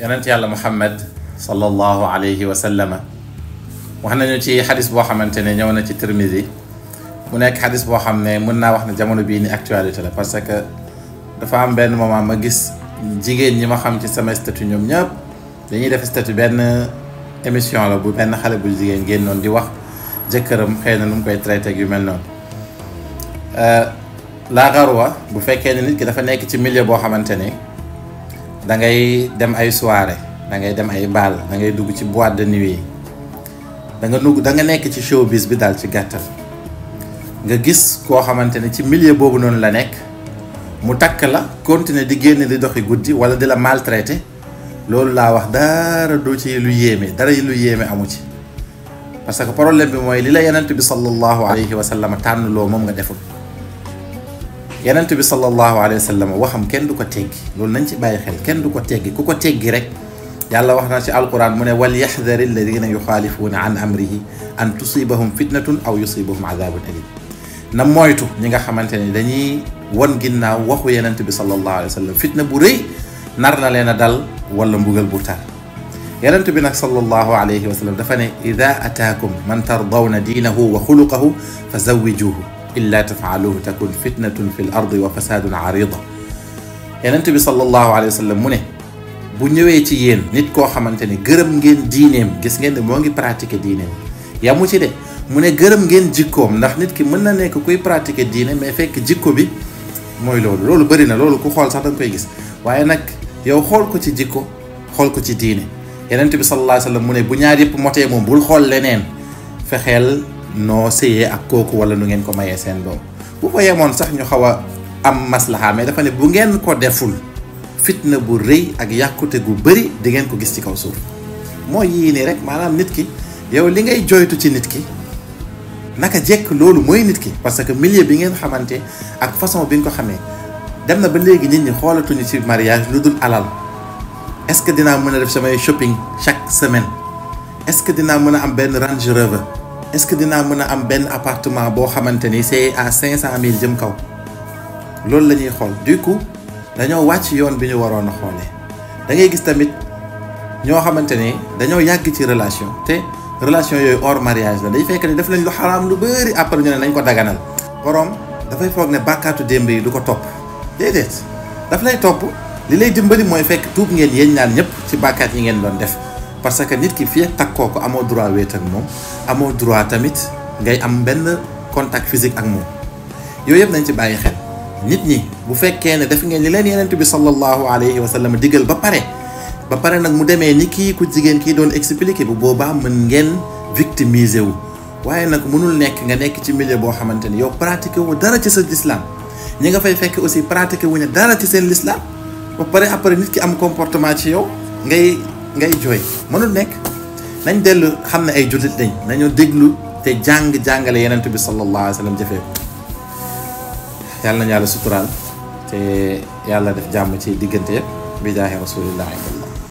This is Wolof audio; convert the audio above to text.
يعني انت على محمد صلى الله عليه وسلم وحنا نتي حديث بو خامتني نيونا تي ترمذي هناك حديث بو خامني مننا واخنا جامونو بي ني اكтуаليتي لا باسكو دا فا ام بن ماما ما غيس جيجين ني ما خام تي سيمستر تي نيوم نياب دا ني داف ستاتو بن ايميسيون لا بو بن خاله بو جيجين ген نون دي واخ جيكرم خينا نوم كاي تريتي اك يو مل نون لا غروه بو فكاني نيت كي دا فا نيك تي ميليو بو خامتني da ngay dem ay soirée da ngay dem ay bal da ngay dugg ci boîte de nuit danga da nga dugg da nga nekk ci showbiz bi daal ci gàttal nga gis koo xamante ne ci millier boobu noonu la nekk mu takk la continuer di génn di doxi guddi wala di la maltraité loolu laa wax dara du ci lu yéeme dara lu yéeme amu ci parce que problème bi mooy li la yonent bi sallallahu alayhi wa sallam tànn loo moom nga deful yonent bi sallallahu alayhi wa sallam waxam kenn du ko teggi loolu nañ ci bàyyi xel kenn du ko teggi ku ko teggi rek yàlla wax na ci alquran mu ne wal yaxdari alladina yuxaalifuuna an amrihi an tusibahum fitnatun aw yusibahum adabun alim na moytu ñi nga xamante ne dañuy won ginnaaw waxu yonent bi sallallahu alayhi wa sallam fitna bu rëy nar na leen a dal wala mbugal bu tar yonent bi nag sallallahu alayhi wa sallam dafa ne ida ataakum man tardawna diinahu wa xuluqahu fa zawijuhu إلا تفعلوه تكون فتنة في الأرض وفساد عريضة Yonent bi sallallahu alayhi wa sallam mu ne bu ñëwee ci yéen nit koo xamante ne gërëm ngeen diineem gis ngeen ne moo ngi pratiquer diineem yamu ci de mu ne gërëm ngeen jikkoom ndax nit ki mën na nekk kuy pratiquer diine mais fekk jikko bi mooy loolu loolu bëri na loolu ku xool sax da nga koy gis waaye nag yow xool ko ci jikko xool ko ci diine Yonent bi sallallahu alayhi wa sallam mu ne bu ñaar yëpp motee moom bul xool leneen fexeel No seye ak koku wala nu ngeen ko maye sen do bu fa yemon sax ñu xawa am maslaha mais dafa ne bu ngeen ko deful fitna bu rëy ak yakute gu beuri di ngeen ko gis ci kaw suuf moy yi ni rek manam nit ki yow li ngay joytu ci nit ki naka jek lolu moy nit ki parce que milieu bi ngeen xamanté ak façon bi nga ko xamee dem na ba léegi nit ñi ñu ci mariage lu alal est ce que semai mëna def samay shopping chaque semaine est ce que dina mëna am ben range rover est-ce que dinaa mën a am benn appartement boo xamante ni c'est à cinq cent mille jëm kaw loolu la ñuy xool du coup dañoo wàcc yoon bi ñu waroon a xoolee da gis tamit ñoo xamante ni dañoo yàgg ci relation te relation yooyu hors mariage la day fekk ni def nañ lu xaraam lu bëri après ñu ne nañ ko daganal borom dafay foog ne bàkkaatu démb yi du ko topp déedéet daf lay topp li lay dimbali mooy fekk tuub ngeen yéen ñaan ñëpp ci bàkkaat yi ngeen doon def parce que nit ki fii ak takkoo ko amoo droit wéet ak moom amoo droit tamit ngay am benn contact physique ak moom yooyu yëpp nañ ci bàyyi xel nit ñi bu fekkee ne def ngeen li leen yenent bi sallallahu alayhi wa sallam digal ba pare ba pare nag mu demee ni kii ku jigéen kii doon expliqué bu boobaa mën ngeen victimiser wu waaye nag mënul nekk nga nekk ci milieu boo xamante ni yow pratiqué wu dara ci sa lislaam ñi nga fay fekk aussi pratiqué wuñu dara ci seen lislaam ba pare après nit ki am comportement ci yow ngay ngay jooy mënul nekk nañ dellu xam ne ay jullit lañ nañu déglu te jàng jàngale yenent bi sallallahu alayhi wa sallam jëfee ko yàlla nañu yàlla suturaal te yàlla def jàmm ci diggante yëpp bi jaaxe rasulillah